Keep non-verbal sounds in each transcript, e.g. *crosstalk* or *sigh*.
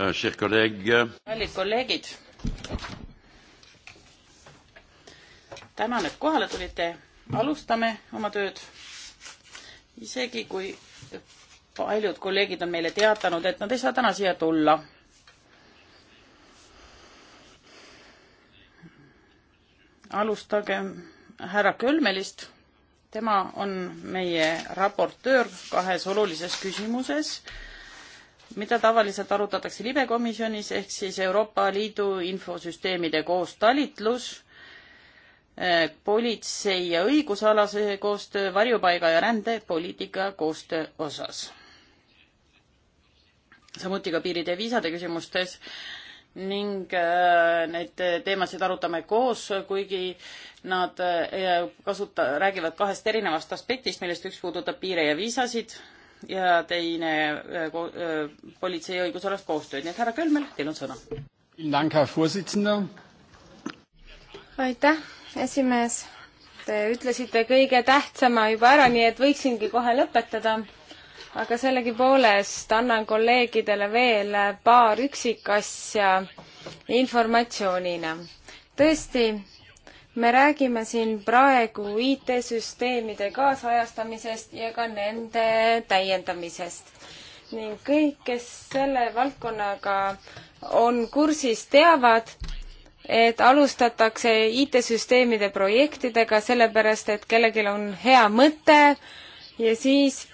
Euh, kallid kolleegid, tänan, et kohale tulite, alustame oma tööd. isegi kui paljud kolleegid on meile teatanud, et nad ei saa täna siia tulla. alustagem härra Kölmelist, tema on meie raportöör kahes olulises küsimuses mida tavaliselt arutatakse libekomisjonis ehk siis Euroopa Liidu infosüsteemide koostalitlus, eh, politsei ja õigusalase koostöö, varjupaiga ja rändepoliitika koostöö osas. samuti ka piiride ja viisade küsimustes ning eh, neid teemasid arutame koos, kuigi nad eh, kasuta-, räägivad kahest erinevast aspektist, millest üks puudutab piire ja viisasid ja teine äh, äh, politsei õigusalast koostööd, nii et härra Kölmel, teil on sõna. aitäh, esimees. Te ütlesite kõige tähtsama juba ära, nii et võiksingi kohe lõpetada. aga sellegipoolest annan kolleegidele veel paar üksikasja informatsioonina. tõesti me räägime siin praegu IT-süsteemide kaasajastamisest ja ka nende täiendamisest ning kõik, kes selle valdkonnaga on kursis, teavad, et alustatakse IT-süsteemide projektidega, sellepärast et kellelgi on hea mõte ja siis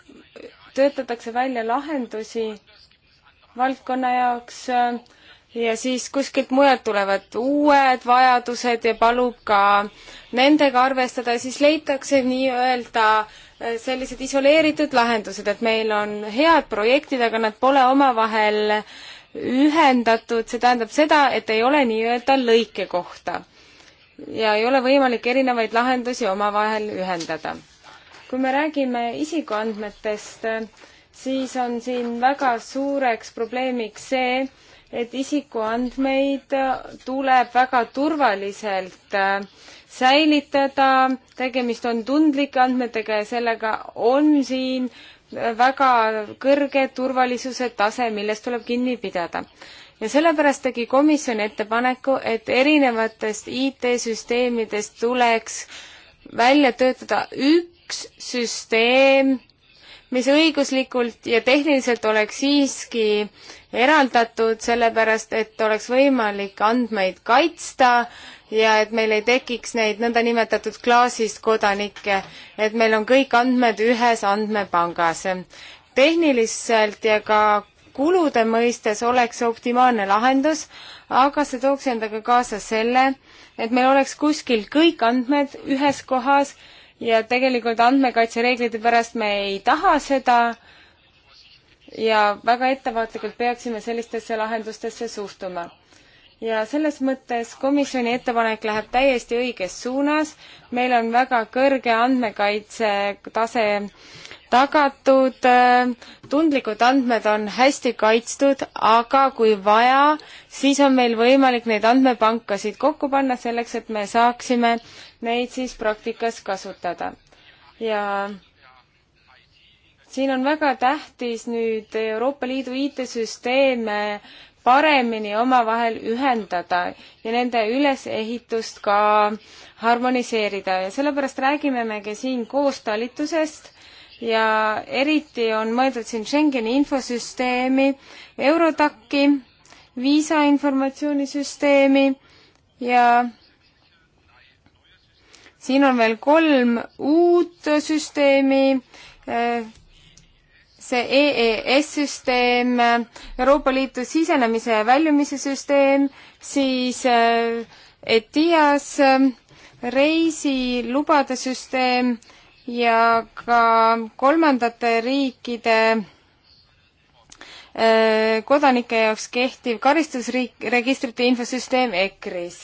töötatakse välja lahendusi valdkonna jaoks äh, ja siis kuskilt mujalt tulevad uued vajadused ja palub ka nendega arvestada, siis leitakse nii-öelda äh, sellised isoleeritud lahendused, et meil on head projektid, aga nad pole omavahel ühendatud, see tähendab seda, et ei ole nii-öelda lõikekohta. ja ei ole võimalik erinevaid lahendusi omavahel ühendada. kui me räägime isikuandmetest, siis on siin väga suureks probleemiks see, et isikuandmeid tuleb väga turvaliselt äh, säilitada, tegemist on tundlike andmetega ja sellega on siin äh, väga kõrge turvalisuse tase, millest tuleb kinni pidada ja sellepärast tegi komisjon ettepaneku, et erinevatest IT-süsteemidest tuleks välja töötada üks süsteem, mis õiguslikult ja tehniliselt oleks siiski eraldatud, sellepärast et oleks võimalik andmeid kaitsta ja et meil ei tekiks neid nõndanimetatud klaasist kodanikke, et meil on kõik andmed ühes andmepangas. tehniliselt ja ka kulude mõistes oleks see optimaalne lahendus, aga see tooks endaga kaasa selle, et meil oleks kuskil kõik andmed ühes kohas ja tegelikult andmekaitsereeglite pärast me ei taha seda ja väga ettevaatlikult peaksime sellistesse lahendustesse suhtuma. ja selles mõttes komisjoni ettepanek läheb täiesti õiges suunas, meil on väga kõrge andmekaitse tase tagatud, äh, tundlikud andmed on hästi kaitstud, aga kui vaja, siis on meil võimalik neid andmepankasid kokku panna selleks, et me saaksime neid siis praktikas kasutada. ja siin on väga tähtis nüüd Euroopa Liidu IT-süsteeme paremini omavahel ühendada ja nende ülesehitust ka harmoniseerida ja sellepärast räägimegi siin koostalitusest ja eriti on mõeldud siin Schengeni infosüsteemi, Eurotaki, viisa informatsioonisüsteemi ja siin on veel kolm uut süsteemi, see EES-süsteem, Euroopa Liitu sisenemise ja väljumise süsteem, siis äh, ETIAS, äh, reisilubade süsteem ja ka kolmandate riikide äh, kodanike jaoks kehtiv karistusriik, registrite infosüsteem EKRIS.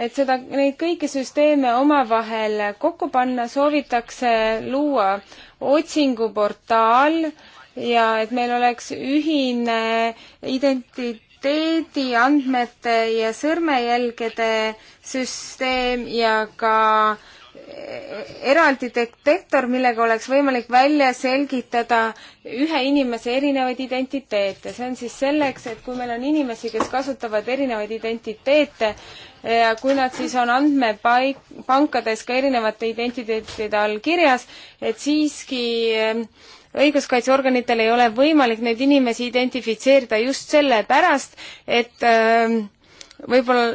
et seda, neid kõiki süsteeme omavahel kokku panna, soovitakse luua otsinguportaal ja et meil oleks ühine identiteedi andmete ja sõrmejälgede süsteem ja ka äh, eraldi detektor, millega oleks võimalik välja selgitada ühe inimese erinevaid identiteete. see on siis selleks, et kui meil on inimesi, kes kasutavad erinevaid identiteete ja kui nad siis on andmepaik, pankades ka erinevate identiteetide all kirjas, et siiski ähm, õiguskaitseorganitel ei ole võimalik neid inimesi identifitseerida just sellepärast, et ähm, võib-olla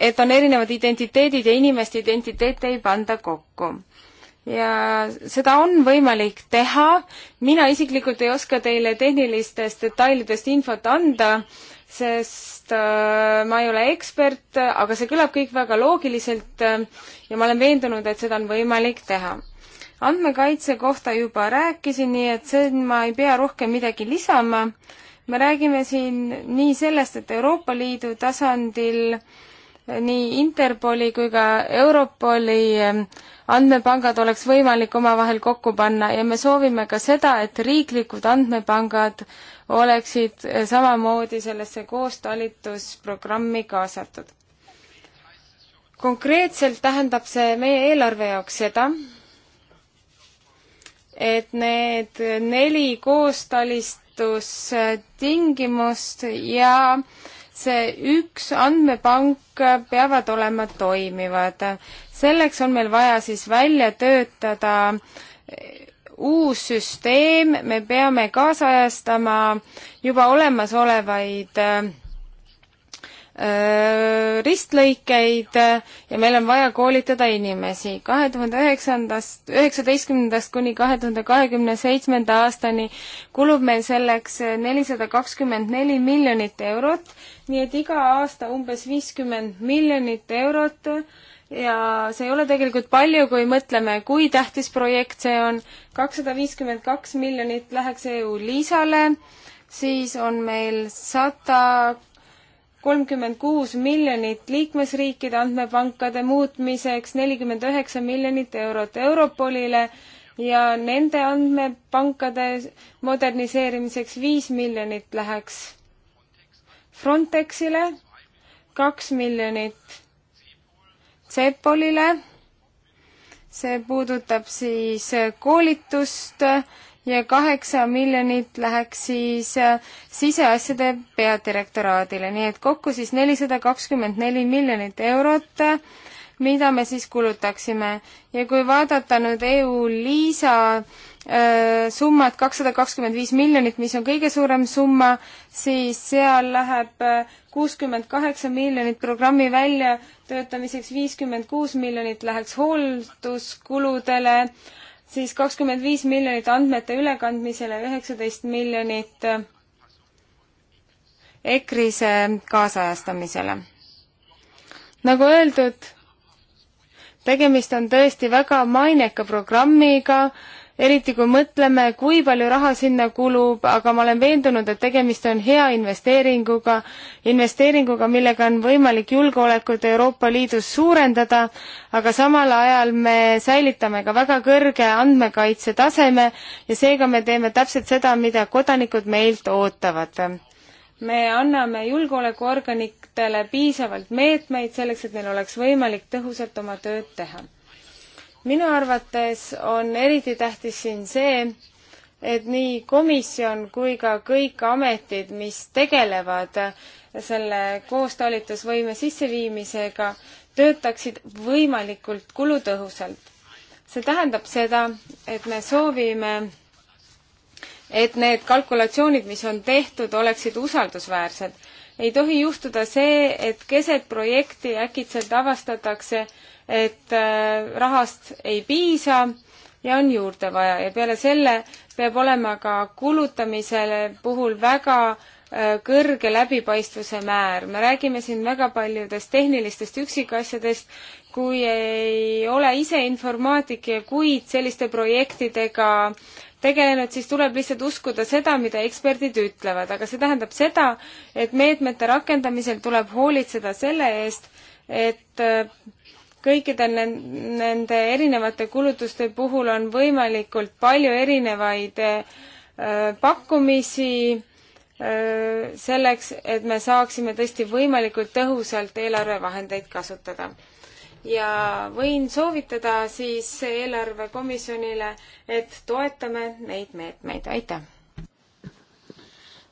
et on erinevad identiteedid ja inimeste identiteete ei panda kokku. ja seda on võimalik teha, mina isiklikult ei oska teile tehnilistest detailidest infot anda, sest äh, ma ei ole ekspert, aga see kõlab kõik väga loogiliselt äh, ja ma olen veendunud, et seda on võimalik teha. andmekaitse kohta juba rääkisin, nii et siin ma ei pea rohkem midagi lisama. me räägime siin nii sellest, et Euroopa Liidu tasandil äh, nii Interpoli kui ka Europoli ehm, andmepangad oleks võimalik omavahel kokku panna ja me soovime ka seda, et riiklikud andmepangad oleksid eh, samamoodi sellesse koostalitusprogrammi kaasatud. konkreetselt tähendab see meie eelarve jaoks seda, et need neli koostalistustingimust ja äh, see üks andmepank peavad olema toimivad. selleks on meil vaja siis välja töötada uus süsteem, me peame kaasajastama juba olemasolevaid Äh, ristlõikeid äh, ja meil on vaja koolitada inimesi. kahe tuhande üheksandast, üheksateistkümnendast kuni kahe tuhande kahekümne seitsmenda aastani kulub meil selleks äh, nelisada kakskümmend neli miljonit eurot, nii et iga aasta umbes viiskümmend miljonit eurot ja see ei ole tegelikult palju, kui mõtleme, kui tähtis projekt see on. kakssada viiskümmend kaks miljonit läheks EU-liisale, siis on meil sada 100 kolmkümmend kuus miljonit liikmesriikide andmepankade muutmiseks, nelikümmend üheksa miljonit eurot Europolile ja nende andmepankade moderniseerimiseks viis miljonit läheks Frontexile, kaks miljonit CEPOLile, see puudutab siis koolitust ja kaheksa miljonit läheks siis äh, siseasjade peadirektoraadile, nii et kokku siis nelisada kakskümmend neli miljonit eurot, äh, mida me siis kulutaksime. ja kui vaadata nüüd EU-LISA äh, summat kakssada kakskümmend viis miljonit, mis on kõige suurem summa, siis seal läheb kuuskümmend kaheksa miljonit programmi väljatöötamiseks, viiskümmend kuus miljonit läheks hoolduskuludele äh,, siis kakskümmend viis miljonit andmete ülekandmisele, üheksateist miljonit äh, EKRIS-e kaasajastamisele. nagu öeldud, tegemist on tõesti väga maineka programmiga, eriti kui mõtleme, kui palju raha sinna kulub, aga ma olen veendunud, et tegemist on hea investeeringuga, investeeringuga, millega on võimalik julgeolekut Euroopa Liidus suurendada, aga samal ajal me säilitame ka väga kõrge andmekaitse taseme ja seega me teeme täpselt seda, mida kodanikud meilt ootavad me anname julgeolekuorganitele piisavalt meetmeid selleks, et neil oleks võimalik tõhusalt oma tööd teha minu arvates on eriti tähtis siin see, et nii komisjon kui ka kõik ametid, mis tegelevad selle koostalitusvõime sisseviimisega, töötaksid võimalikult kulutõhusalt. see tähendab seda, et me soovime, et need kalkulatsioonid, mis on tehtud, oleksid usaldusväärsed. ei tohi juhtuda see, et keset projekti äkitselt avastatakse, et äh, rahast ei piisa ja on juurde vaja ja peale selle peab olema ka kulutamise puhul väga äh, kõrge läbipaistvuse määr. me räägime siin väga paljudest tehnilistest üksikasjadest, kui ei ole ise informaatik ja kuid selliste projektidega tegelenud, siis tuleb lihtsalt uskuda seda, mida eksperdid ütlevad, aga see tähendab seda, et meetmete rakendamisel tuleb hoolitseda selle eest, et äh, kõikide nende erinevate kulutuste puhul on võimalikult palju erinevaid äh, pakkumisi äh, selleks, et me saaksime tõesti võimalikult tõhusalt eelarvevahendeid kasutada. ja võin soovitada siis eelarvekomisjonile, et toetame neid meetmeid, aitäh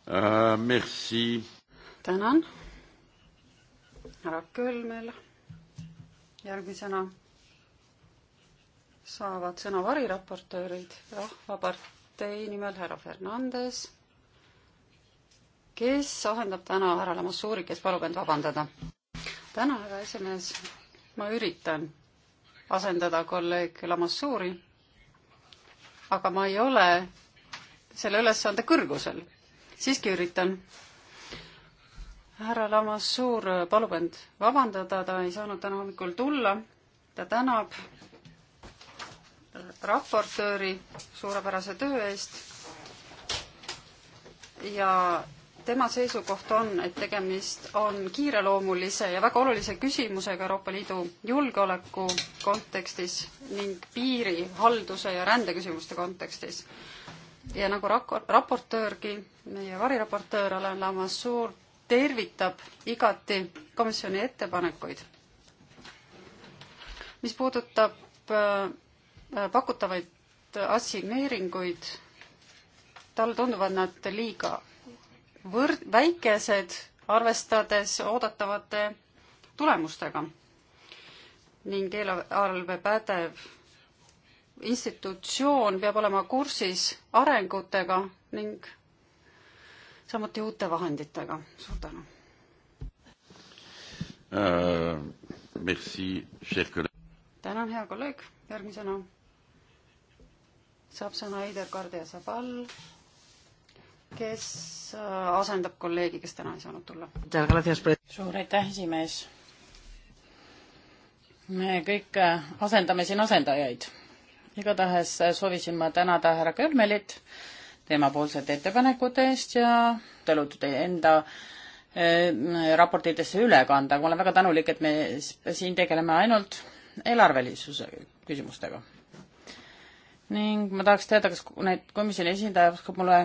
uh,! Merci! tänan, härra Kölmel järgmisena saavad sõna variraportöörid Rahvapartei nimel härra Fernandes, kes ahendab täna härra Lamassuuri, kes palub end vabandada. täna, härra esimees, ma üritan asendada kolleeg Lamassuuri, aga ma ei ole selle ülesande kõrgusel. siiski üritan härra Lamassuur palub end vabandada, ta ei saanud täna hommikul tulla. ta tänab raportööri suurepärase töö eest. ja tema seisukoht on, et tegemist on kiireloomulise ja väga olulise küsimusega Euroopa Liidu julgeoleku kontekstis ning piirihalduse ja rändeküsimuste kontekstis. ja nagu rak-, raportöörgi, meie variraportöör Alen Lamassuur tervitab igati komisjoni ettepanekuid. mis puudutab äh, pakutavaid assigneeringuid, talle tunduvad nad liiga võrd-, väikesed, arvestades oodatavate tulemustega ning eelarvepädev institutsioon peab olema kursis arengutega ning samuti uute vahenditega. suur tänu uh,. Merci, cher kolleeg. tänan, hea kolleeg. järgmisena saab sõna Heider Kardia Sabal, kes äh, asendab kolleegi, kes täna ei saanud tulla. suur aitäh, esimees. me kõik äh, asendame siin asendajaid. igatahes äh, soovisin ma tänada härra Kölmelit äh, teemapoolsete ettepanekute eest ja tõlutud teie enda eh, raportitesse üle kanda, aga ma olen väga tänulik, et me siin tegeleme ainult eelarvelisuse küsimustega. ning ma tahaks teada, kas need komisjoni esindaja oskab mulle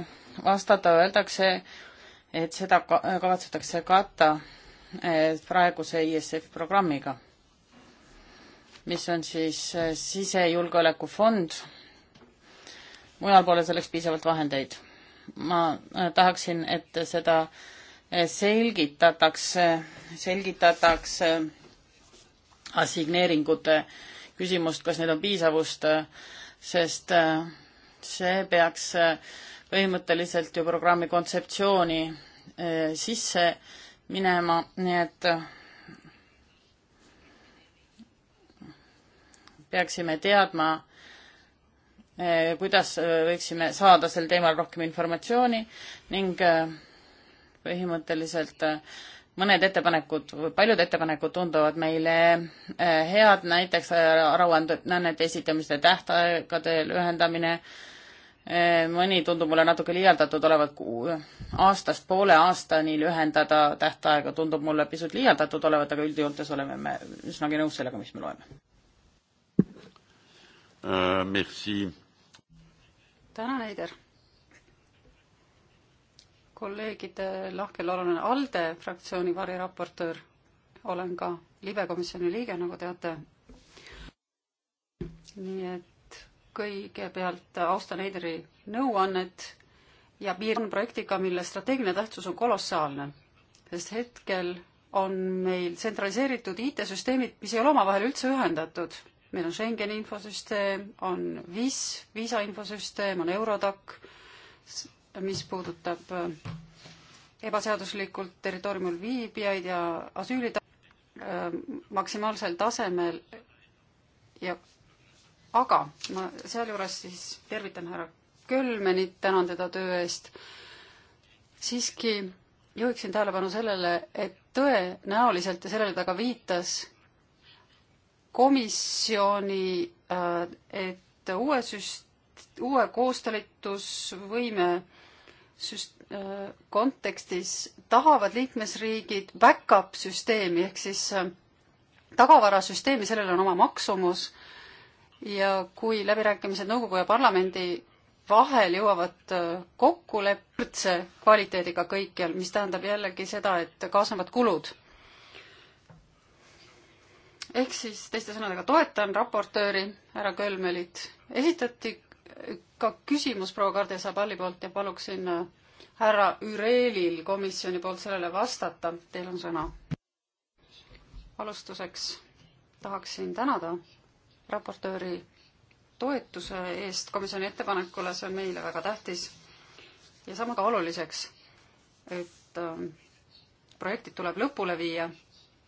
vastata, öeldakse, et seda kavatsetakse katta eh, praeguse ISF programmiga, mis on siis eh, sisejulgeolekufond mujal pole selleks piisavalt vahendeid. ma äh, tahaksin, et seda äh, selgitatakse, selgitatakse äh, assigneeringute küsimust, kas need on piisavust, sest see peaks põhimõtteliselt ju programmi kontseptsiooni sisse minema, nii et peaksime teadma, Eh, kuidas eh, võiksime saada sel teemal rohkem informatsiooni ning eh, põhimõtteliselt mõned ettepanekud või paljud ettepanekud tunduvad meile head, näiteks aruannete esitamise tähtaegade lühendamine, mõni tundub mulle natuke liialdatud olevat, aastast poole aastani lühendada tähtaega tundub mulle pisut liialdatud olevat, aga üldjoontes oleme me üsnagi nõus sellega, mis me loeme uh,. Merci tänan, Heider. kolleegide lahkel olen ALDE fraktsiooni variraportöör, olen ka libekomisjoni liige, nagu teate. nii et kõigepealt austan Heideri nõuannet ja piirkond projektiga, mille strateegiline tähtsus on kolossaalne, sest hetkel on meil tsentraliseeritud IT-süsteemid, mis ei ole omavahel üldse ühendatud meil on Schengeni infosüsteem, on VIS, viisa infosüsteem, on Eurodac, mis puudutab äh, ebaseaduslikult territooriumil viibijaid ja asüüli äh, maksimaalsel tasemel ja aga ma sealjuures siis tervitan härra Kölmenit, tänan teda töö eest. siiski juhiksin tähelepanu sellele, et tõenäoliselt ja sellele ta ka viitas, komisjoni, äh, et uue süst-, uue koostalitusvõime süst-, äh, kontekstis tahavad liikmesriigid back-up süsteemi ehk siis äh, tagavarasüsteemi, sellel on oma maksumus ja kui läbirääkimised nõukogu ja parlamendi vahel jõuavad kokkuleppe kvaliteediga kõikjal, mis tähendab jällegi seda, et kaasnevad kulud ehk siis teiste sõnadega toetan raportööri härra Kölmelit. esitati ka küsimus proua Kardia Sabali poolt ja paluksin äh, härra Ürelil komisjoni poolt sellele vastata. Teil on sõna. alustuseks tahaksin tänada raportööri toetuse eest komisjoni ettepanekule, see on meile väga tähtis ja sama ka oluliseks, et äh, projektid tuleb lõpule viia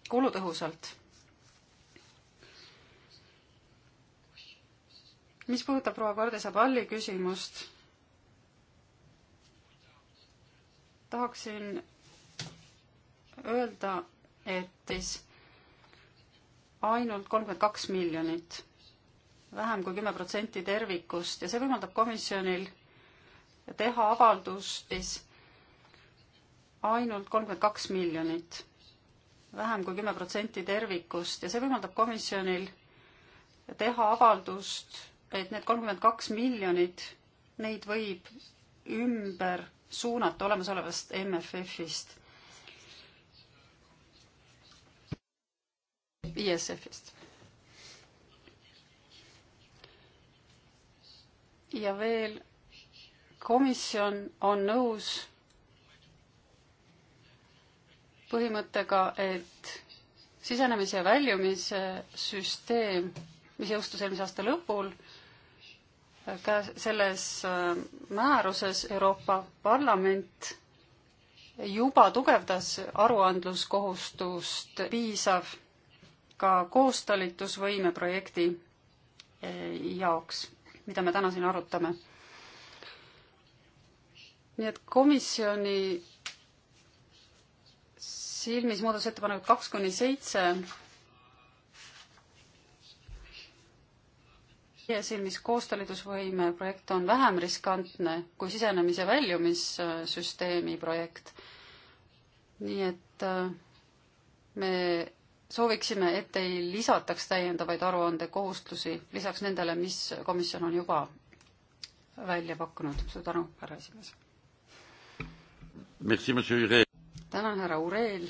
kulutõhusalt mis puudutab proua Kordesaballi küsimust, tahaksin öelda, et siis ainult kolmkümmend kaks miljonit, vähem kui kümme protsenti tervikust ja see võimaldab komisjonil teha avaldust siis ainult kolmkümmend kaks miljonit, vähem kui kümme protsenti tervikust ja see võimaldab komisjonil teha avaldust et need kolmkümmend kaks miljonit, neid võib ümber suunata olemasolevast MFF-ist. ISF-ist. ja veel komisjon on nõus põhimõttega, et sisenemise ja väljumise süsteem, mis jõustus eelmise aasta lõpul käes, selles äh, määruses Euroopa Parlament juba tugevdas aruandluskohustust piisav ka koostalitusvõime projekti äh, jaoks, mida me täna siin arutame. nii et komisjoni silmis muudatusettepanekud kaks kuni seitse meie silmis koostalitusvõime projekt on vähem riskantne kui sisenemise väljumissüsteemi projekt. nii et äh, me sooviksime, et ei lisataks täiendavaid aruandekohustusi lisaks nendele, mis komisjon on juba välja pakkunud. suur tänu, härra esimees. tänan, härra Ureel.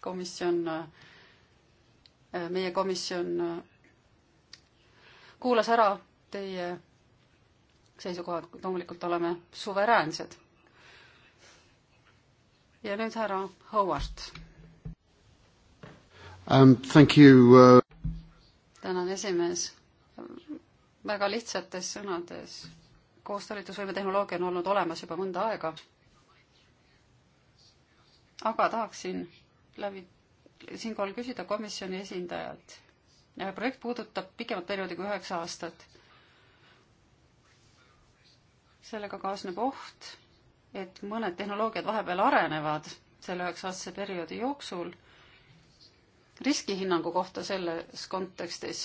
komisjon, äh, meie komisjon äh, kuulas ära teie seisukohad, loomulikult oleme suveräänsed. ja nüüd härra Howard um,. Uh... tänan, esimees. väga lihtsates sõnades, koostalitusvõime tehnoloogia on olnud olemas juba mõnda aega. aga tahaksin läbi, siinkohal küsida komisjoni esindajalt Äh, projekt puudutab pikemat perioodi kui üheksa aastat. sellega kaasneb oht, et mõned tehnoloogiad vahepeal arenevad selle üheksa-aastase perioodi jooksul riskihinnangu kohta selles kontekstis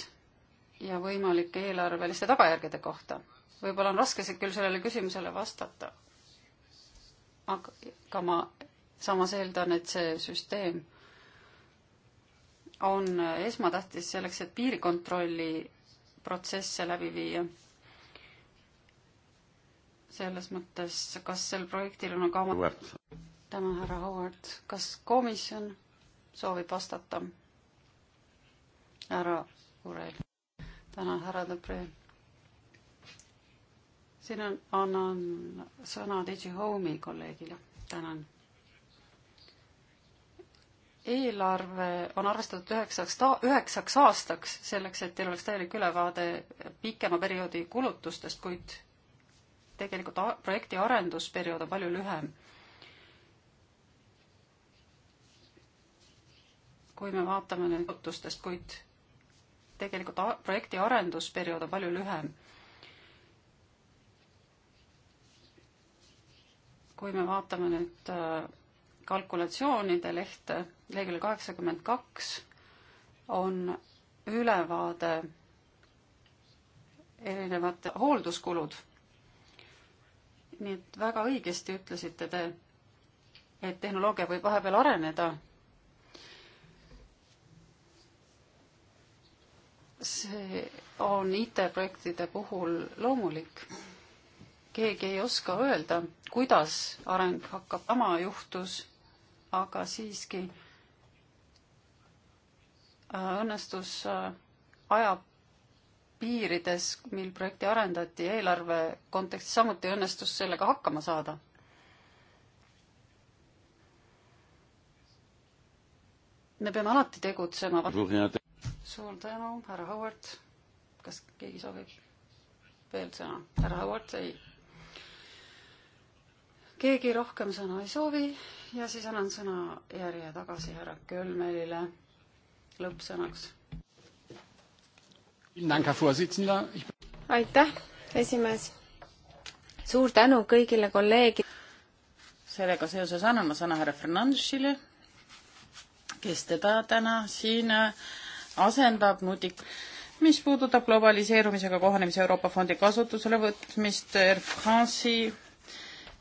ja võimalike eelarveliste tagajärgede kohta. võib-olla on raske küll sellele küsimusele vastata. aga ma samas eeldan, et see süsteem on esmatähtis selleks, et piirikontrolli protsesse läbi viia. selles mõttes, kas sel projektil on ka oma tänan, härra Howard, kas komisjon soovib vastata? härra Urel. tänan, härra Debre. siin on, annan sõna Digi Home'i kolleegile, tänan eelarve on arvestatud üheksaks, üheksaks aastaks, selleks et teil oleks täielik ülevaade pikema perioodi kulutustest, kuid tegelikult projekti arendusperiood on palju lühem. kui me vaatame nüüd kulutustest, kuid tegelikult projekti arendusperiood on palju lühem kui me vaatame nüüd äh, kalkulatsioonide leht, lehekülg kaheksakümmend kaks, on ülevaade erinevad hoolduskulud. nii et väga õigesti ütlesite te, et tehnoloogia võib vahepeal areneda. see on IT-projektide puhul loomulik. keegi ei oska öelda, kuidas areng hakkab, sama juhtus aga siiski äh, õnnestus äh, ajapiirides, mil projekti arendati, eelarve kontekstis samuti õnnestus sellega hakkama saada. me peame alati tegutsema. suur tänu, härra Howard. kas keegi soovib veel sõna? härra Howard, ei keegi rohkem sõna ei soovi ja siis annan sõna järje tagasi härra Kölmelile lõppsõnaks. aitäh, esimees. suur tänu kõigile kolleegidele. sellega seoses annan ma sõna härra Fernandesile, kes teda täna siin äh, asendab nutik-, mis puudutab globaliseerumisega kohanemise Euroopa Fondi kasutusele võtmist Air France'i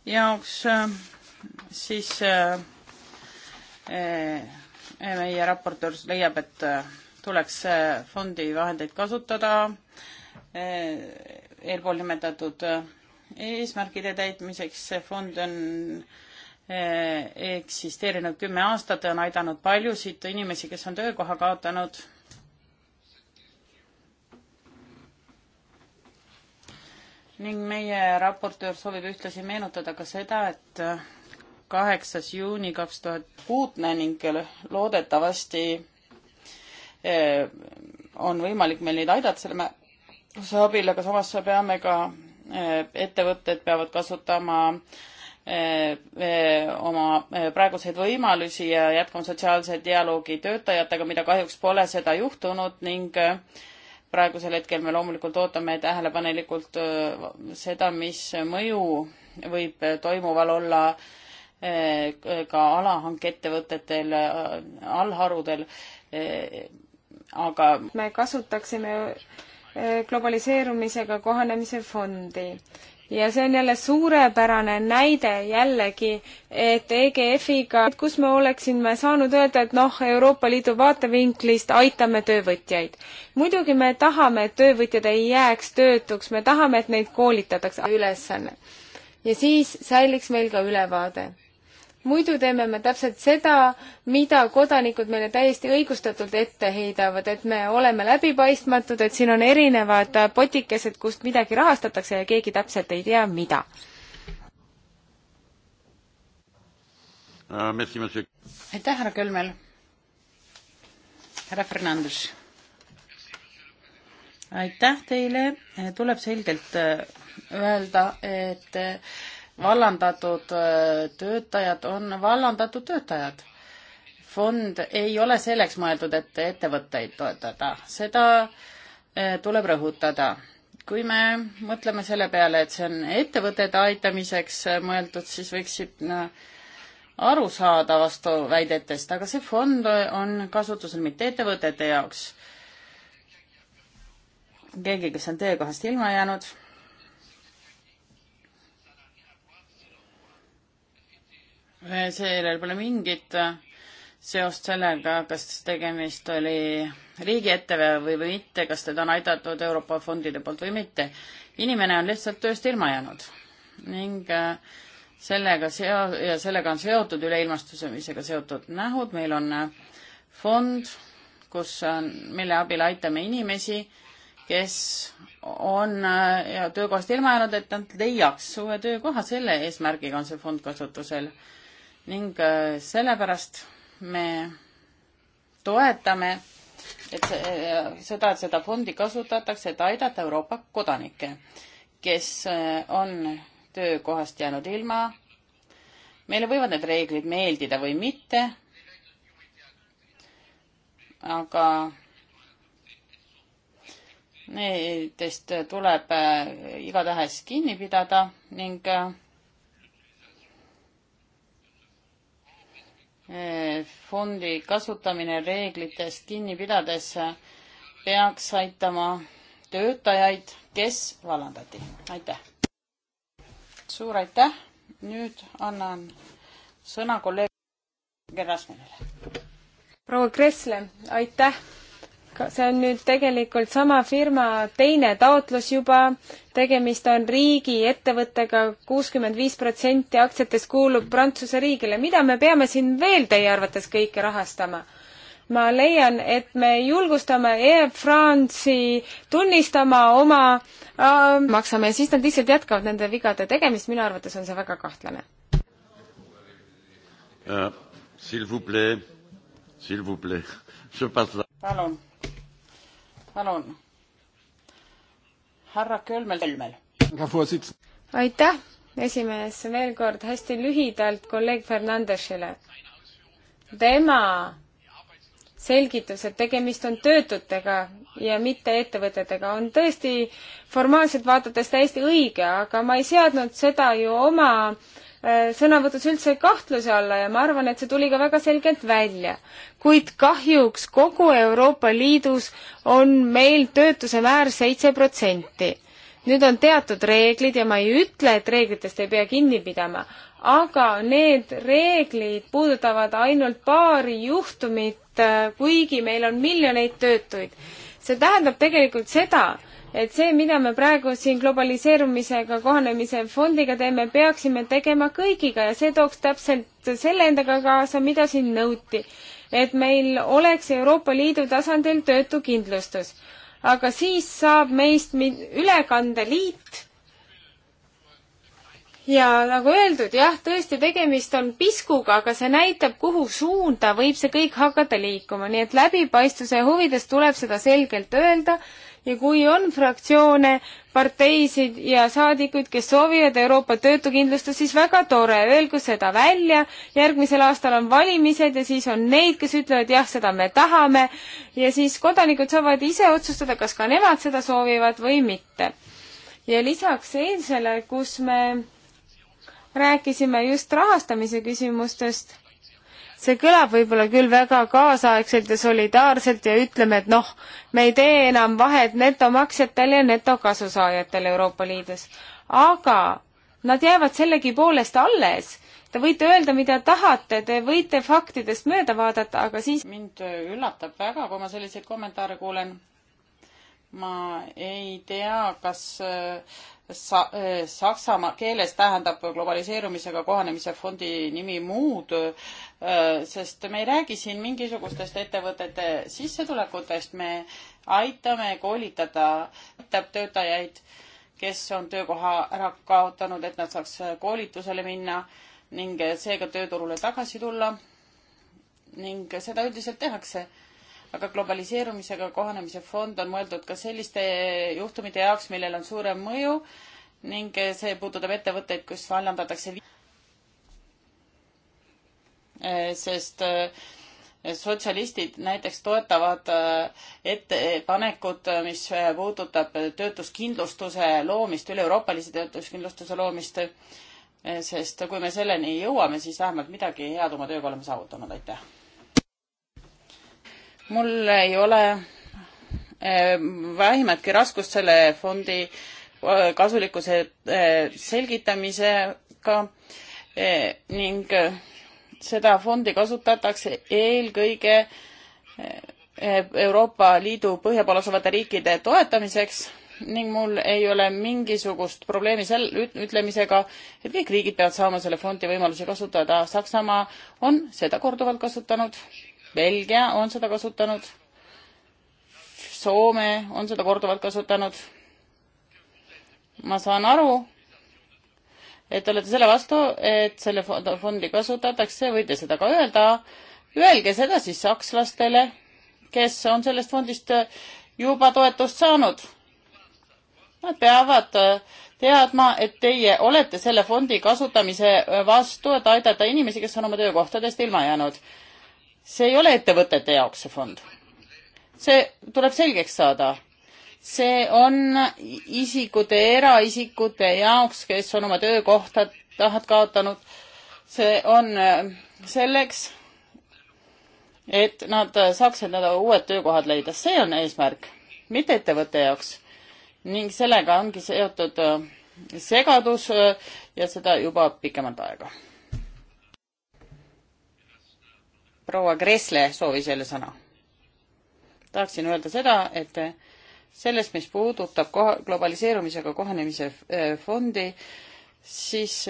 jaoks, äh, siis äh, äh, meie raportöör leiab, et tuleks fondi vahendeid kasutada eelpool nimetatud eesmärkide täitmiseks. see fond on eksisteerinud kümme aastat ja on aidanud paljusid inimesi, kes on töökoha kaotanud ning meie raportöör soovib ühtlasi meenutada ka seda, et kaheksas juuni kaks tuhat kuutne ning loodetavasti eh, on võimalik meil neid aidata selle määruse abil, aga samas peame ka, eh, ettevõtted peavad kasutama eh, oma praeguseid võimalusi ja jätkama sotsiaalse dialoogi töötajatega, mida kahjuks pole seda juhtunud ning äh, praegusel hetkel me loomulikult ootame tähelepanelikult äh, seda, mis mõju võib toimuval olla äh, ka alahankeettevõtetel, äh, allharudel, aga me kasutaksime globaliseerumisega kohanemise fondi ja see on jälle suurepärane näide jällegi, et EGF-iga, kus me oleksime saanud öelda, et noh, Euroopa Liidu vaatevinklist aitame töövõtjaid. muidugi me tahame, et töövõtjad ei jääks töötuks, me tahame, et neid koolitatakse ülesanne. ja siis säiliks meil ka ülevaade muidu teeme me täpselt seda, mida kodanikud meile täiesti õigustatult ette heidavad, et me oleme läbipaistmatud, et siin on erinevad potikesed, kust midagi rahastatakse ja keegi täpselt ei tea, mida. Ah, aitäh, härra Kölmel. härra Fernandes. aitäh teile, tuleb selgelt äh, öelda, et äh, vallandatud äh, töötajad on vallandatud töötajad. fond ei ole selleks mõeldud, et ettevõtteid toetada, seda äh, tuleb rõhutada. kui me mõtleme selle peale, et see on ettevõtete aitamiseks äh, mõeldud, siis võiksid aru saada vastuväidetest, aga see fond on kasutusel mitte ettevõtete jaoks. keegi, kes on töökohast ilma jäänud sellel pole mingit äh, seost sellega, kas tegemist oli riigiettevõte või, või mitte, kas teda on aidatud Euroopa fondide poolt või mitte. inimene on lihtsalt tööst ilma jäänud ning äh, sellega seo- ja sellega on seotud üleilmastusemisega seotud nähud, meil on äh, fond, kus on, mille abil aitame inimesi, kes on töökohast ilma jäänud, et nad leiaks uue töökoha, selle eesmärgiga on see fond kasutusel ning äh, sellepärast me toetame et see, äh, seda, et seda fondi kasutatakse, et aidata Euroopa kodanikke, kes äh, on töökohast jäänud ilma. meile võivad need reeglid meeldida või mitte, aga nendest tuleb igatahes kinni pidada ning äh, Eh, fondi kasutamine reeglitest kinni pidades eh, peaks aitama töötajaid, kes vallandati. aitäh! suur aitäh! nüüd annan sõna kolleeg Gerasmenile. proua Kressle, aitäh! see on nüüd tegelikult sama firma teine taotlus juba, tegemist on riigiettevõttega, kuuskümmend viis protsenti aktsiatest kuulub Prantsuse riigile, mida me peame siin veel teie arvates kõike rahastama? ma leian, et me julgustame Air France'i tunnistama oma äh, maksame ja siis nad lihtsalt jätkavad nende vigade tegemist, minu arvates on see väga kahtlane uh,. S'il vous plaît, s'il vous plaît, je passe la palun, palun. härra Kölmel, Kölmel. aitäh, esimees, veel kord hästi lühidalt kolleeg Fernandesile. tema selgitus, et tegemist on töötutega ja mitte ettevõtetega, on tõesti formaalselt vaadates täiesti õige, aga ma ei seadnud seda ju oma äh, Äh, sõnavõtus üldse kahtluse alla ja ma arvan, et see tuli ka väga selgelt välja. kuid kahjuks kogu Euroopa Liidus on meil töötuse määr seitse protsenti. nüüd on teatud reeglid ja ma ei ütle, et reeglitest ei pea kinni pidama, aga need reeglid puudutavad ainult paari juhtumit, äh, kuigi meil on miljoneid töötuid. see tähendab tegelikult seda, et see, mida me praegu siin globaliseerumisega kohanemise fondiga teeme, peaksime tegema kõigiga ja see tooks täpselt selle endaga kaasa, mida siin nõuti. et meil oleks Euroopa Liidu tasandil töötukindlustus. aga siis saab meist ülekandeliit ja nagu öeldud, jah, tõesti, tegemist on piskuga, aga see näitab, kuhu suunda võib see kõik hakata liikuma, nii et läbipaistvuse huvides tuleb seda selgelt öelda ja kui on fraktsioone, parteisid ja saadikuid, kes soovivad Euroopa töötukindlustust, siis väga tore, öelgu seda välja, järgmisel aastal on valimised ja siis on neid, kes ütlevad jah, seda me tahame ja siis kodanikud saavad ise otsustada, kas ka nemad seda soovivad või mitte. ja lisaks eilsele, kus me rääkisime just rahastamise küsimustest see kõlab võib-olla küll väga kaasaegselt ja solidaarselt ja ütleme, et noh, me ei tee enam vahet netomaksjatel ja netokasusaajatel Euroopa Liidus, aga nad jäävad sellegipoolest alles. Te võite öelda, mida tahate, te võite faktidest mööda vaadata, aga siis mind üllatab väga, kui ma selliseid kommentaare kuulen ma ei tea, kas äh, sa-, äh, saksamaa keeles tähendab globaliseerumisega kohanemise fondi nimi muud, äh, sest me ei räägi siin mingisugustest ettevõtete sissetulekutest, me aitame koolitada, aitab töötajaid, kes on töökoha ära kaotanud, et nad saaks koolitusele minna ning seega tööturule tagasi tulla. ning seda üldiselt tehakse aga globaliseerumisega kohanemise fond on mõeldud ka selliste juhtumite jaoks, millel on suurem mõju ning see puudutab ettevõtteid, kus vallandatakse eh, sest eh, sotsialistid näiteks toetavad eh, ettepanekut, mis puudutab töötuskindlustuse loomist, üle-euroopalise töötuskindlustuse loomist, sest kui me selleni jõuame, siis vähemalt midagi head oma tööga oleme saavutanud, aitäh! mul ei ole eh, vähimatki raskust selle fondi eh, kasulikkuse eh, selgitamisega ning seda fondi kasutatakse eelkõige Euroopa Liidu põhjapool asuvate riikide toetamiseks ning mul ei ole mingisugust probleemi sel-, ütlemisega, et kõik riigid peavad saama selle fondi võimalusi kasutada. Saksamaa on seda korduvalt kasutanud Belgia on seda kasutanud, Soome on seda korduvalt kasutanud. ma saan aru, et te olete selle vastu, et selle fondi kasutatakse, võite seda ka öelda. Öelge seda siis sakslastele, kes on sellest fondist juba toetust saanud. Nad peavad teadma, et teie olete selle fondi kasutamise vastu, et aidata inimesi, kes on oma töökohtadest ilma jäänud see ei ole ettevõtete jaoks, see fond. see tuleb selgeks saada. see on isikute, eraisikute jaoks, kes on oma töökohta tahad kaotanud. see on äh, selleks, et nad saaksid endale uued töökohad leida, see on eesmärk, mitte ettevõtte jaoks. ning sellega ongi seotud äh, segadus äh, ja seda juba pikemat aega proua Kresle soovis jälle sõna. tahaksin öelda seda, et sellest, mis puudutab koha, globaliseerumisega kohanemise äh, fondi, siis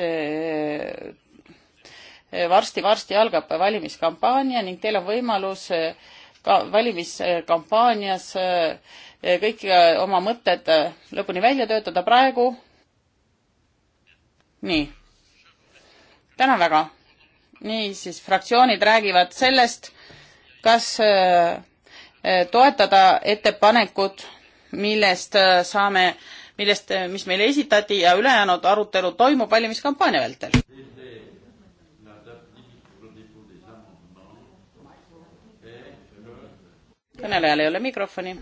varsti-varsti äh, algab valimiskampaania ning teil on võimalus äh, ka valimiskampaanias kõik oma mõtted lõpuni välja töötada praegu. nii. tänan väga niisiis, fraktsioonid räägivad sellest, kas äh, äh, toetada ettepanekut, millest äh, saame, millest, mis meile esitati ja ülejäänud arutelu toimub valimiskampaania vältel. kõnelejal ei ole mikrofoni.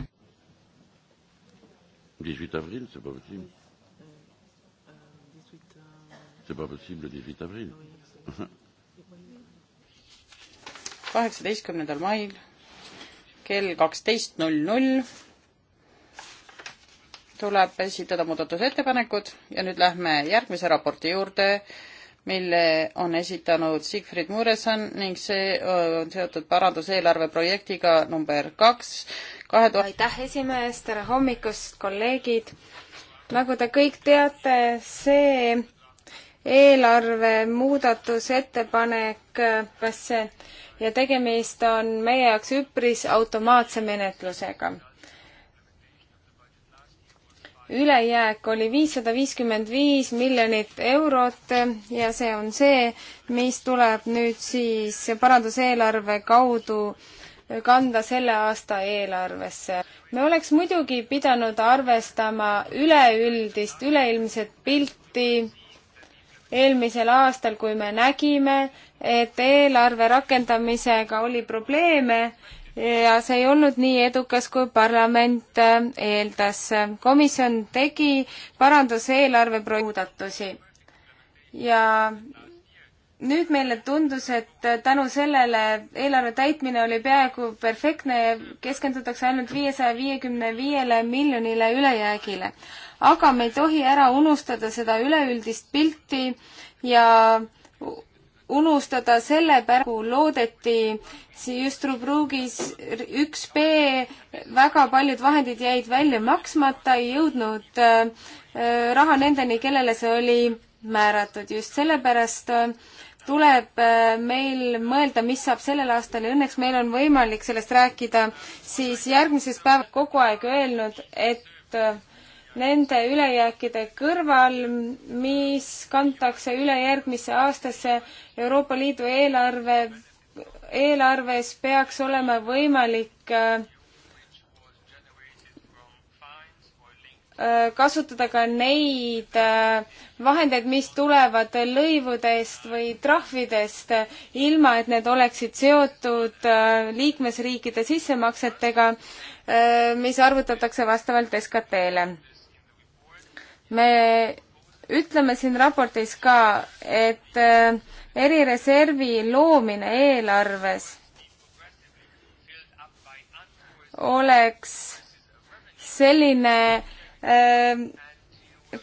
C'est pas possible le 18 avril. Oui, *laughs* kaheksateistkümnendal mail kell kaksteist null null tuleb esitada muudatusettepanekud ja nüüd lähme järgmise raporti juurde, mille on esitanud Siegfried Muresan ning see on seotud paranduseelarve projektiga number kaks. kahe tuhande. aitäh esimees, tere hommikust, kolleegid! nagu te kõik teate, see eelarve muudatusettepanek passe ja tegemist on meie jaoks üpris automaatse menetlusega. ülejääk oli viissada viiskümmend viis miljonit eurot ja see on see, mis tuleb nüüd siis paranduseelarve kaudu kanda selle aasta eelarvesse. me oleks muidugi pidanud arvestama üleüldist, üleilmset pilti eelmisel aastal, kui me nägime, et eelarve rakendamisega oli probleeme ja see ei olnud nii edukas, kui parlament äh, eeldas. komisjon tegi paranduseelarve muudatusi ja nüüd meile tundus, et tänu sellele eelarve täitmine oli peaaegu perfektne ja keskendutakse ainult viiesaja viiekümne viiele miljonile ülejäägile aga me ei tohi ära unustada seda üleüldist pilti ja unustada selle pärast, kui loodeti just rubruugis üks B, väga paljud vahendid jäid välja maksmata, ei jõudnud äh, raha nendeni, kellele see oli määratud. just sellepärast äh, tuleb äh, meil mõelda, mis saab sellel aastal ja õnneks meil on võimalik sellest rääkida siis järgmises päevas kogu aeg öelnud, et äh, nende ülejääkide kõrval, mis kantakse üle järgmisse aastasse Euroopa Liidu eelarve, eelarves peaks olema võimalik äh, äh, kasutada ka neid äh, vahendeid, mis tulevad lõivudest või trahvidest, ilma et need oleksid seotud liikmesriikide sissemaksetega, mis arvutatakse vastavalt SKT-le me ütleme siin raportis ka, et äh, erireservi loomine eelarves oleks selline, äh,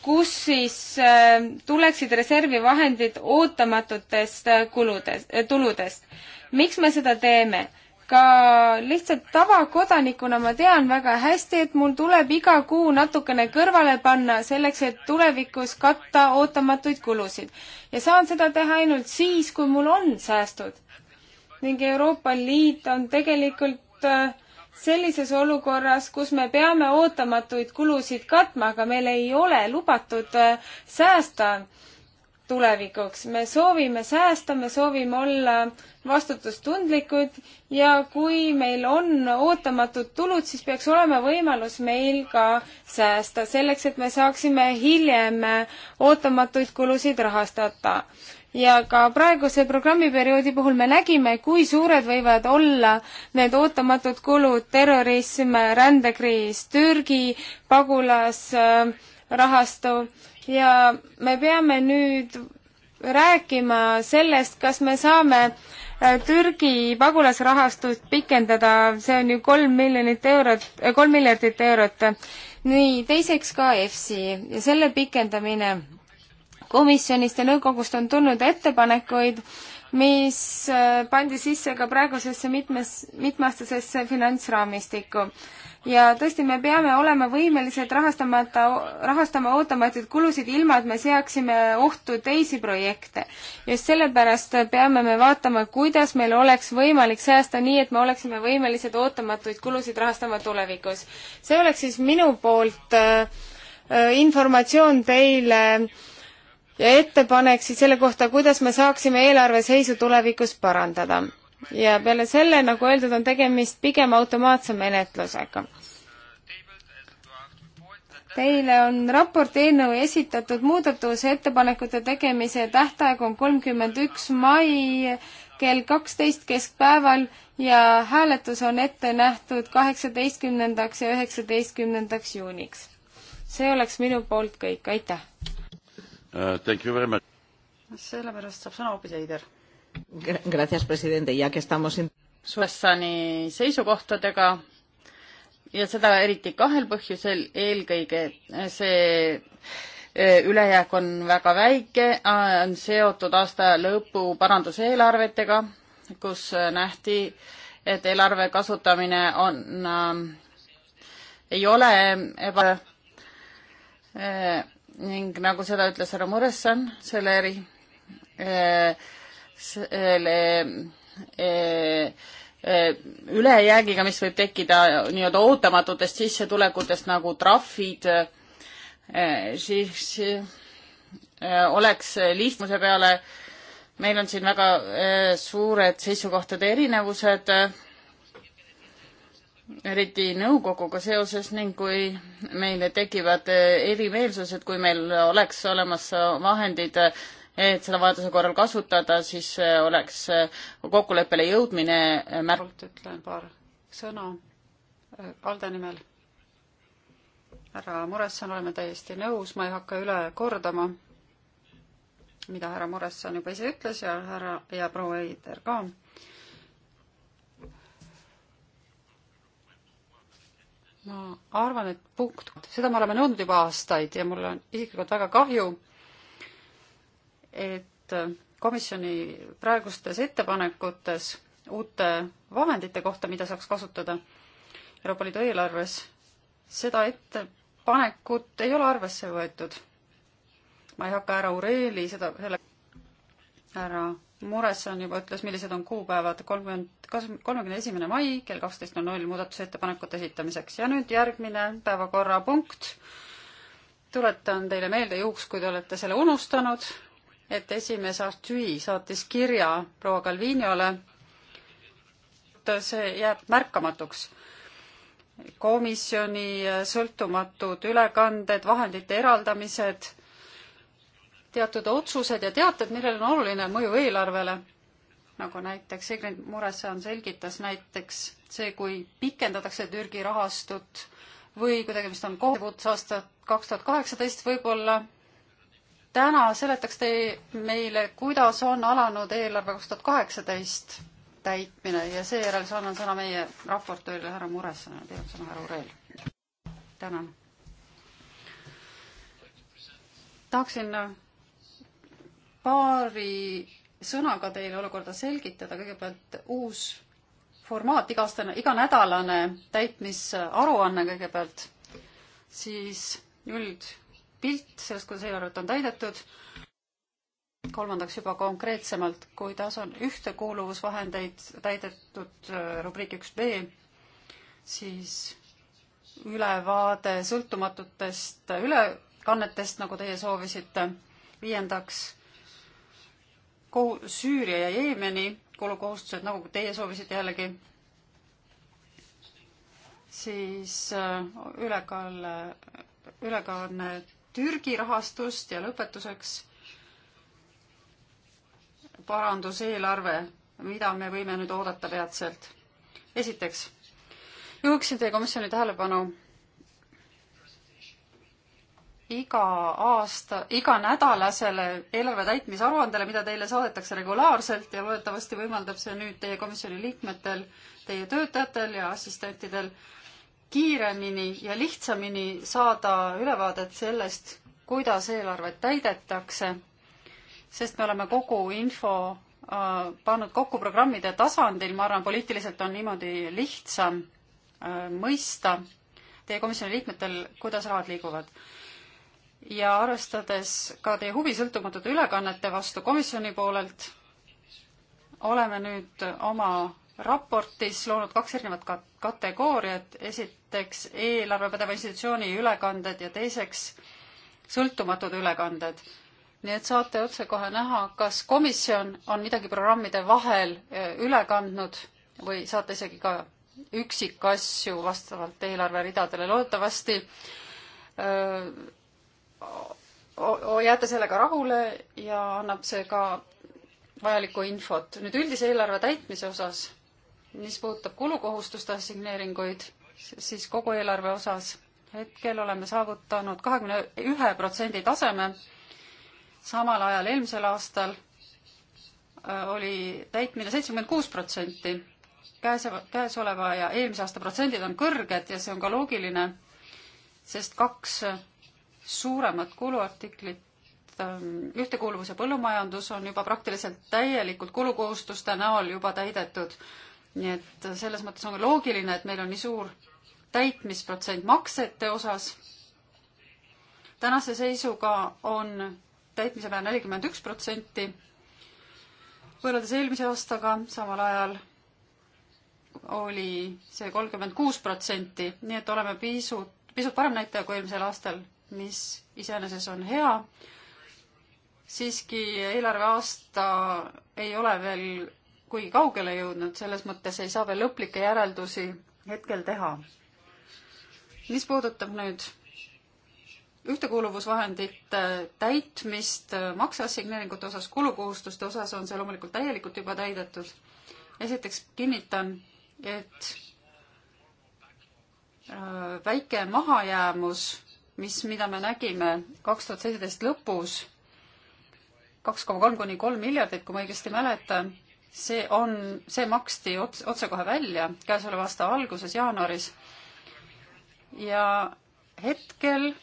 kus siis äh, tuleksid reservi vahendid ootamatutest kuludest, tuludest. miks me seda teeme? ka lihtsalt tavakodanikuna ma tean väga hästi, et mul tuleb iga kuu natukene kõrvale panna selleks, et tulevikus katta ootamatuid kulusid. ja saan seda teha ainult siis, kui mul on säästud. ning Euroopa Liit on tegelikult äh, sellises olukorras, kus me peame ootamatuid kulusid katma, aga meil ei ole lubatud äh, säästa tulevikuks. me soovime säästa, me soovime olla vastutustundlikud ja kui meil on ootamatud tulud, siis peaks olema võimalus meil ka säästa, selleks et me saaksime hiljem ootamatuid kulusid rahastada. ja ka praeguse programmiperioodi puhul me nägime, kui suured võivad olla need ootamatud kulud, terrorism, rändekriis, Türgi pagulasrahastu äh, ja me peame nüüd rääkima sellest, kas me saame äh, Türgi pagulasrahastust pikendada, see on ju kolm miljonit eurot, äh, kolm miljardit eurot. nii, teiseks ka EFSI ja selle pikendamine. komisjonist ja nõukogust on tulnud ettepanekuid, mis äh, pandi sisse ka praegusesse mitmes, mitmeaastasesse finantsraamistikku ja tõesti, me peame olema võimelised rahastamata, rahastama ootamatuid kulusid, ilma et me seaksime ohtu teisi projekte. just sellepärast peame me vaatama, kuidas meil oleks võimalik säästa nii, et me oleksime võimelised ootamatuid kulusid rahastama tulevikus. see oleks siis minu poolt äh, äh informatsioon teile ja ettepanek siis selle kohta, kuidas me saaksime eelarve seisu tulevikus parandada ja peale selle, nagu öeldud, on tegemist pigem automaatse menetlusega. Teile on raporti eelnõu esitatud muudatusettepanekute tegemise tähtaeg on kolmkümmend üks mai kell kaksteist keskpäeval ja hääletus on ette nähtud kaheksateistkümnendaks ja üheksateistkümnendaks juuniks. see oleks minu poolt kõik, aitäh uh,! sellepärast saab sõna hoopis Heider Gracias, presidente, ja kes estamos in... Suessani seisukohtadega ja seda eriti kahel põhjusel, eelkõige see eh, ülejääk on väga väike, on seotud aasta lõpu paranduseelarvetega, kus eh, nähti, et eelarve kasutamine on äh,, ei ole eba- äh, ning nagu seda ütles härra Muresson, selle eri äh, selle eh, eh, ülejäägiga, mis võib tekkida nii-öelda ootamatutest sissetulekutest nagu trahvid, eh, siis oleks lihtmuse peale, meil on siin väga suured seisukohtade erinevused, eriti nõukoguga seoses ning kui meile tekivad erimeelsused, kui meil oleks olemas vahendid et seda vajaduse korral kasutada, siis äh, oleks äh, kokkuleppele jõudmine äh, mär-. ütlen paar sõna Alde nimel. härra Muresson, oleme täiesti nõus, ma ei hakka üle kordama, mida härra Muresson juba ise ütles ja härra ja proua Eider ka. ma arvan, et punkt, seda me oleme nõudnud juba aastaid ja mul on isiklikult väga kahju, et komisjoni praegustes ettepanekutes uute vahendite kohta, mida saaks kasutada Euroopa Liidu eelarves, seda ettepanekut ei ole arvesse võetud. ma ei hakka härra Ureeli seda, selle härra Muresson juba ütles, millised on kuupäevad, kolmkümmend, kolmekümne esimene mai kell kaksteist null null muudatusettepanekute esitamiseks ja nüüd järgmine päevakorrapunkt. tuletan teile meelde juhuks, kui te olete selle unustanud, et esimees Artui saatis kirja proua Calvinole, et see jääb märkamatuks. komisjoni äh, sõltumatud ülekanded, vahendite eraldamised, teatud otsused ja teated, millel on oluline mõju eelarvele, nagu näiteks Sigrid Muresaan selgitas, näiteks see, kui pikendatakse Türgi rahastut või kui tegemist on kohutuse aastat kaks tuhat kaheksateist võib-olla täna seletaks te meile, kuidas on alanud eelarve kaks tuhat kaheksateist täitmine ja seejärel annan sõna meie raportöörile härra Muressonile, teil on sõna härra Ureel. tänan. tahaksin paari sõnaga teile olukorda selgitada, kõigepealt uus formaat, iga-aastane, iganädalane täitmisaruanne kõigepealt, siis üld- pilt sellest, kuidas eelarvet on täidetud. kolmandaks juba konkreetsemalt, kuidas on ühtekuuluvusvahendeid täidetud äh, rubriik üks B, siis ülevaade sõltumatutest ülekannetest, nagu teie soovisite. viiendaks, Süüria ja Jeemeni kulukohustused, nagu teie soovisite jällegi siis äh, ülekaal, ülekanne Türgi rahastust ja lõpetuseks paranduseelarve, mida me võime nüüd oodata peatselt. esiteks juhiksin teie komisjoni tähelepanu iga aasta, iganädalasele eelarve täitmise aruandele, mida teile saadetakse regulaarselt ja loodetavasti võimaldab see nüüd teie komisjoni liikmetel, teie töötajatel ja assistentidel äh, kiiremini ja lihtsamini saada ülevaadet sellest, kuidas eelarvet täidetakse, sest me oleme kogu info äh, pannud kokku programmide tasandil, ma arvan, poliitiliselt on niimoodi lihtsam äh, mõista teie komisjoni liikmetel, kuidas rahad liiguvad. ja arvestades ka teie huvi sõltumatute ülekannete vastu komisjoni poolelt, oleme nüüd oma raportis loonud kaks erinevat kat-, kategooriat, esiteks eelarvepädeva institutsiooni ülekanded ja teiseks sõltumatud ülekanded. nii et saate otsekohe näha, kas komisjon on midagi programmide vahel eh, üle kandnud või saate isegi ka üksikasju vastavalt eelarveridadele. loodetavasti öö, eh, jääte sellega rahule ja annab see ka vajalikku infot. nüüd üldise eelarve täitmise osas mis puudutab kulukohustuste assigneeringuid, siis kogu eelarve osas hetkel oleme saavutanud kahekümne ühe protsendi taseme, samal ajal eelmisel aastal äh, oli täitmine seitsekümmend kuus protsenti. käeseva, käesoleva ja eelmise aasta protsendid on kõrged ja see on ka loogiline, sest kaks äh, suuremat kuluartiklit, ähm, ühtekuuluvus ja põllumajandus, on juba praktiliselt täielikult kulukohustuste näol juba täidetud nii et selles mõttes on loogiline, et meil on nii suur täitmisprotsent maksete osas. tänase seisuga on täitmise määr nelikümmend üks protsenti võrreldes eelmise aastaga, samal ajal oli see kolmkümmend kuus protsenti, nii et oleme pisut, pisut parem näitaja kui eelmisel aastal, mis iseenesest on hea. siiski eelarveaasta ei ole veel kuigi kaugele jõudnud, selles mõttes ei saa veel lõplikke järeldusi hetkel teha. mis puudutab nüüd ühtekuuluvusvahendite täitmist makseassigneeringute osas, kulukohustuste osas on see loomulikult täielikult juba täidetud. esiteks kinnitan, et äh, väike mahajäämus, mis, mida me nägime kaks tuhat seitseteist lõpus, kaks koma kolm kuni kolm miljardit, kui ma õigesti mäletan, see on, see maksti ots-, otsekohe välja käesoleva aasta alguses, jaanuaris. ja hetkel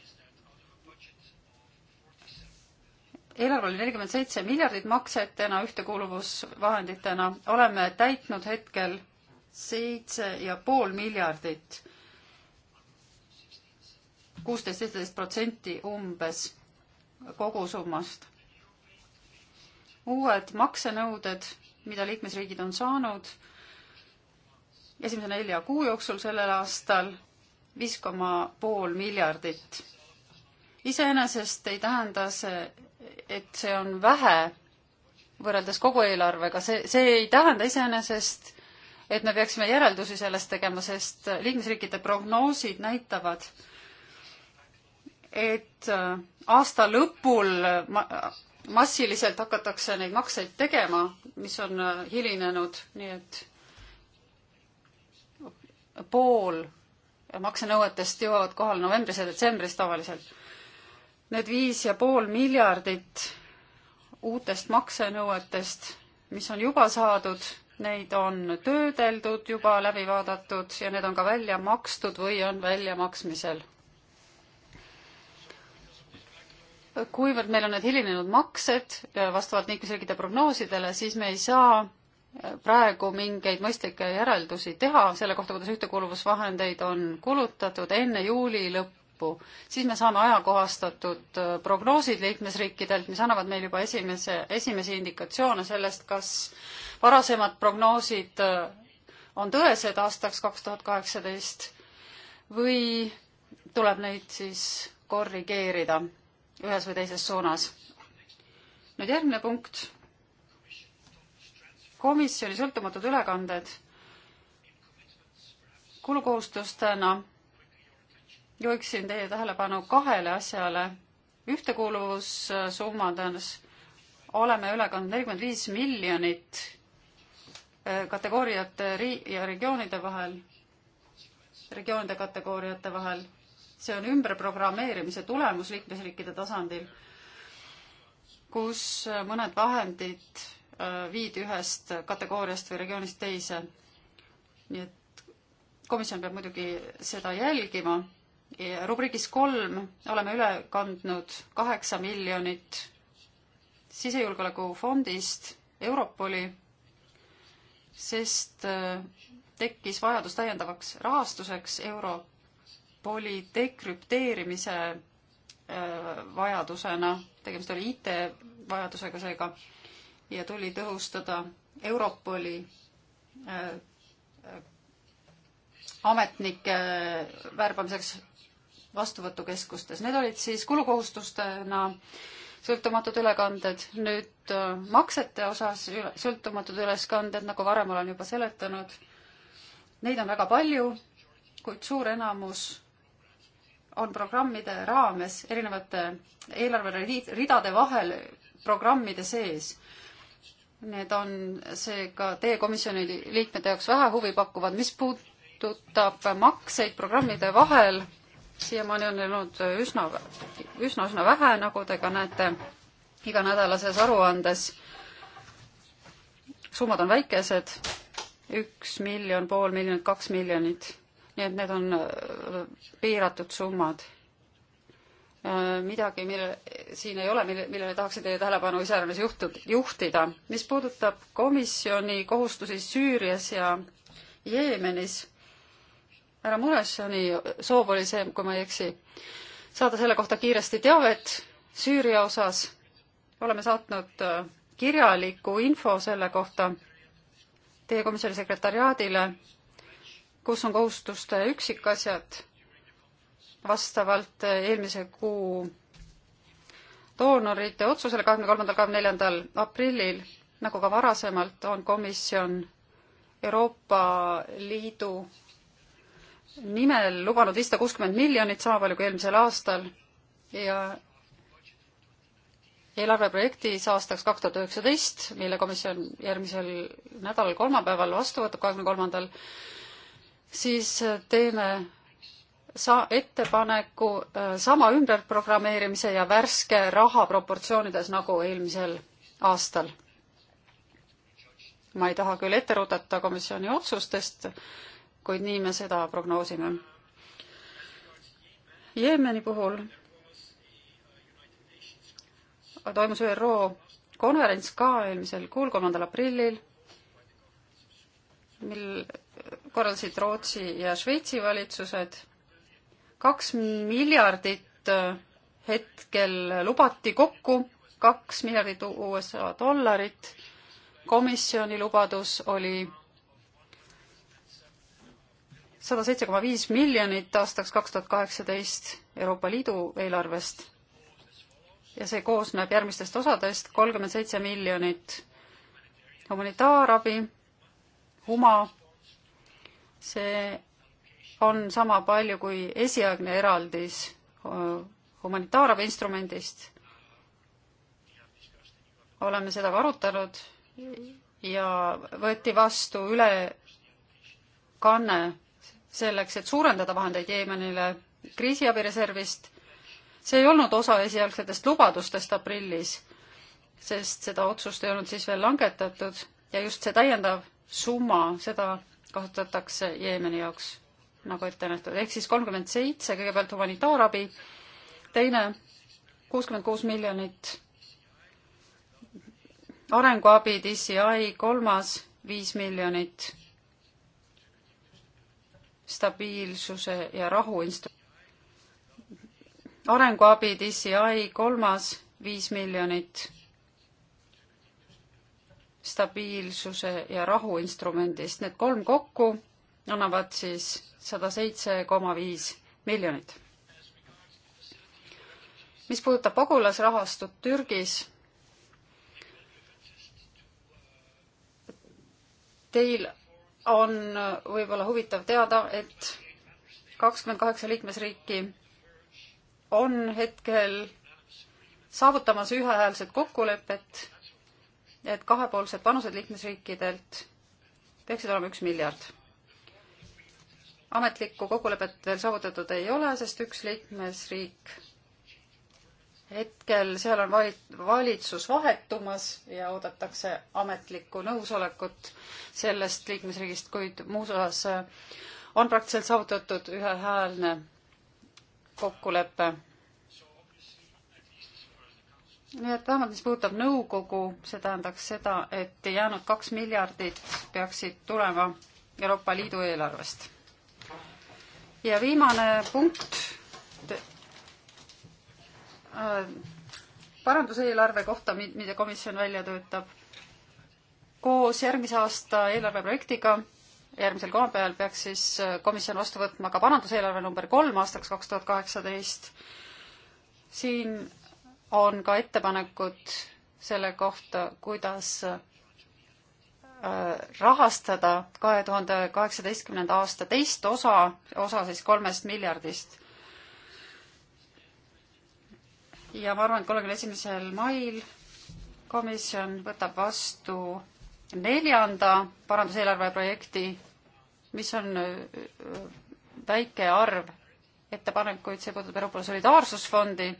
eelarve oli nelikümmend seitse miljardit maksetena, ühtekuuluvusvahenditena, oleme täitnud hetkel seitse ja pool miljardit, kuusteist, seitseteist protsenti umbes kogusummast. uued maksenõuded mida liikmesriigid on saanud esimese nelja kuu jooksul sellel aastal viis koma pool miljardit. iseenesest ei tähenda see, et see on vähe võrreldes kogu eelarvega, see, see ei tähenda iseenesest, et me peaksime järeldusi sellest tegema, sest liikmesriikide prognoosid näitavad, et äh, aasta lõpul massiliselt hakatakse neid makseid tegema, mis on äh, hilinenud, nii et pool maksenõuetest jõuavad kohale novembris ja detsembris tavaliselt. Need viis ja pool miljardit uutest maksenõuetest, mis on juba saadud, neid on töödeldud juba, läbi vaadatud ja need on ka välja makstud või on väljamaksmisel kuivõrd meil on need hilinenud maksed vastavalt liikmesriikide prognoosidele, siis me ei saa äh, praegu mingeid mõistlikke järeldusi teha selle kohta, kuidas ühtekuuluvusvahendeid on kulutatud enne juuli lõppu, siis me saame ajakohastatud äh, prognoosid liikmesriikidelt, mis annavad meile juba esimese, esimesi indikatsioone sellest, kas varasemad prognoosid äh, on tõesed aastaks kaks tuhat kaheksateist või tuleb neid siis korrigeerida ühes või teises suunas. nüüd järgmine punkt. komisjoni sõltumatud ülekanded kulukohustustena juhiksin teie tähelepanu kahele asjale. ühtekuuluvussummades oleme üle kandnud nelikümmend viis miljonit eh, kategooriate ri- ja regioonide vahel, regioonide kategooriate vahel see on ümberprogrammeerimise tulemus liikmesriikide tasandil, kus mõned vahendid äh, viidi ühest kategooriast või regioonist teise. nii et komisjon peab muidugi seda jälgima. rubriigis kolm oleme üle kandnud kaheksa miljonit sisejulgeolekufondist Europoli, sest äh, tekkis vajadus täiendavaks rahastuseks Euro oli dekrüpteerimise äh, vajadusena, tegemist oli IT-vajadusega seega, ja tuli tõhustada Europoli äh, äh, ametnike värbamiseks vastuvõtukeskustes. Need olid siis kulukohustustena sõltumatud ülekanded, nüüd maksete osas sõltumatud üleskanded, nagu varem olen juba seletanud, neid on väga palju, kuid suur enamus on programmide raames erinevate eelarveridade vahel programmide sees. Need on seega teie komisjoni liikmete jaoks vähe huvipakkuvad, mis puudutab makseid programmide vahel, siiamaani on neil olnud üsna, üsna, üsna vähe, nagu te ka näete iganädalases aruandes. summad on väikesed, üks miljon, pool miljonit, kaks miljonit nii et need on äh, piiratud summad. Äh, midagi, mille, siin ei ole, mille, millele tahaksin teie tähelepanu iseäranis juhtud, juhtida. mis puudutab komisjoni kohustusi Süürias ja Jeemenis, härra Muressoni soov oli see, kui ma ei eksi, saada selle kohta kiiresti teavet Süüria osas. oleme saatnud äh, kirjaliku info selle kohta teie komisjoni sekretariaadile kus on kohustuste üksikasjad vastavalt eelmise kuu doonorite otsusele kahekümne kolmandal, kahekümne neljandal aprillil, nagu ka varasemalt, on komisjon Euroopa Liidu nimel lubanud viissada kuuskümmend miljonit, sama palju kui eelmisel aastal ja eelarveprojektis aastaks kaks tuhat üheksateist, mille komisjon järgmisel nädalal kolmapäeval vastu võtab, kahekümne kolmandal, siis äh, teeme sa-, ettepaneku äh, sama ümberprogrammeerimise ja värske raha proportsioonides nagu eelmisel aastal. ma ei taha küll ette rutata komisjoni otsustest, kuid nii me seda prognoosime. Jeemeni puhul toimus ÜRO konverents ka eelmisel kuul, kolmandal aprillil, mil korraldasid Rootsi ja Šveitsi valitsused. kaks miljardit äh, hetkel lubati kokku, kaks miljardit USA dollarit. komisjoni lubadus oli sada seitse koma viis miljonit aastaks kaks tuhat kaheksateist Euroopa Liidu eelarvest. ja see koosneb järgmistest osadest, kolmkümmend seitse miljonit humanitaarabi, Huma see on sama palju kui esialgne eraldis humanitaarabi instrumendist. oleme seda ka arutanud ja võeti vastu ülekanne selleks, et suurendada vahendeid Jeemenile kriisiabireservist. see ei olnud osa esialgsetest lubadustest aprillis, sest seda otsust ei olnud siis veel langetatud ja just see täiendav summa, seda kasutatakse Jeemeni jaoks nagu ette nähtud, ehk siis kolmkümmend seitse kõigepealt humanitaarabi, teine kuuskümmend kuus miljonit arenguabi DCI, kolmas viis miljonit stabiilsuse ja rahu instru-, arenguabi DCI, kolmas viis miljonit stabiilsuse ja rahu instrumendist. Need kolm kokku annavad siis sada seitse koma viis miljonit. mis puudutab pagulasrahastut Türgis, teil on võib-olla huvitav teada, et kakskümmend kaheksa liikmesriiki on hetkel saavutamas ühehäälset kokkulepet et kahepoolsed panused liikmesriikidelt peaksid olema üks miljard. ametlikku kokkulepet veel saavutatud ei ole, sest üks liikmesriik hetkel, seal on vali-, valitsus vahetumas ja oodatakse ametlikku nõusolekut sellest liikmesriigist, kuid muus osas on praktiliselt saavutatud ühehäälne kokkulepe nii et vähemalt, mis puudutab nõukogu, see tähendaks seda, et jäänud kaks miljardit peaksid tulema Euroopa Liidu eelarvest. ja viimane punkt äh, paranduseelarve kohta, mida komisjon välja töötab. koos järgmise aasta eelarveprojektiga järgmisel kolmapäeval peaks siis äh, komisjon vastu võtma ka paranduseelarve number kolm aastaks kaks tuhat kaheksateist. siin on ka ettepanekud selle kohta, kuidas äh, rahastada kahe tuhande kaheksateistkümnenda aasta teist osa, osa siis kolmest miljardist. ja ma arvan, et kolmekümne esimesel mail komisjon võtab vastu neljanda paranduseelarve projekti, mis on äh, väike arv ettepanekuid, see puudutab Euroopa Solidaarsusfondi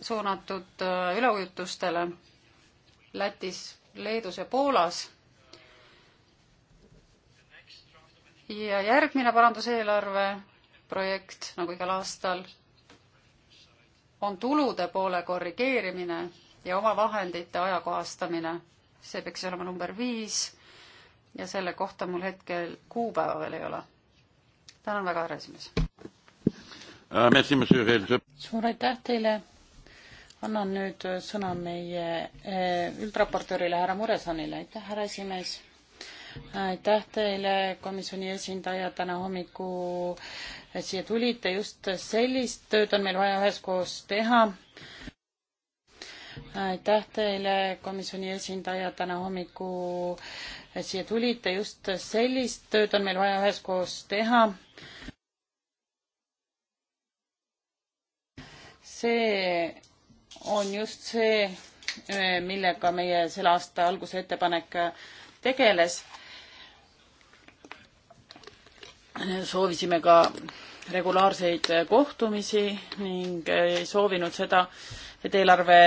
suunatud äh, üleujutustele Lätis, Leedus ja Poolas. ja järgmine paranduseelarve projekt, nagu igal aastal, on tulude poole korrigeerimine ja omavahendite ajakohastamine. see peaks olema number viis ja selle kohta mul hetkel kuupäeva veel ei ole. tänan väga, härra esimees. Äh, suur aitäh teile annan nüüd sõna meie eh, üldraportöörile härra Muresanile, aitäh, härra esimees. aitäh teile, komisjoni esindaja, täna hommiku siia tulite, just sellist tööd on meil vaja üheskoos teha. aitäh teile, komisjoni esindaja, täna hommiku siia tulite, just sellist tööd on meil vaja üheskoos teha see on just see, eh, millega meie selle aasta alguse ettepanek eh, tegeles. soovisime ka regulaarseid kohtumisi ning eh, ei soovinud seda, et eelarve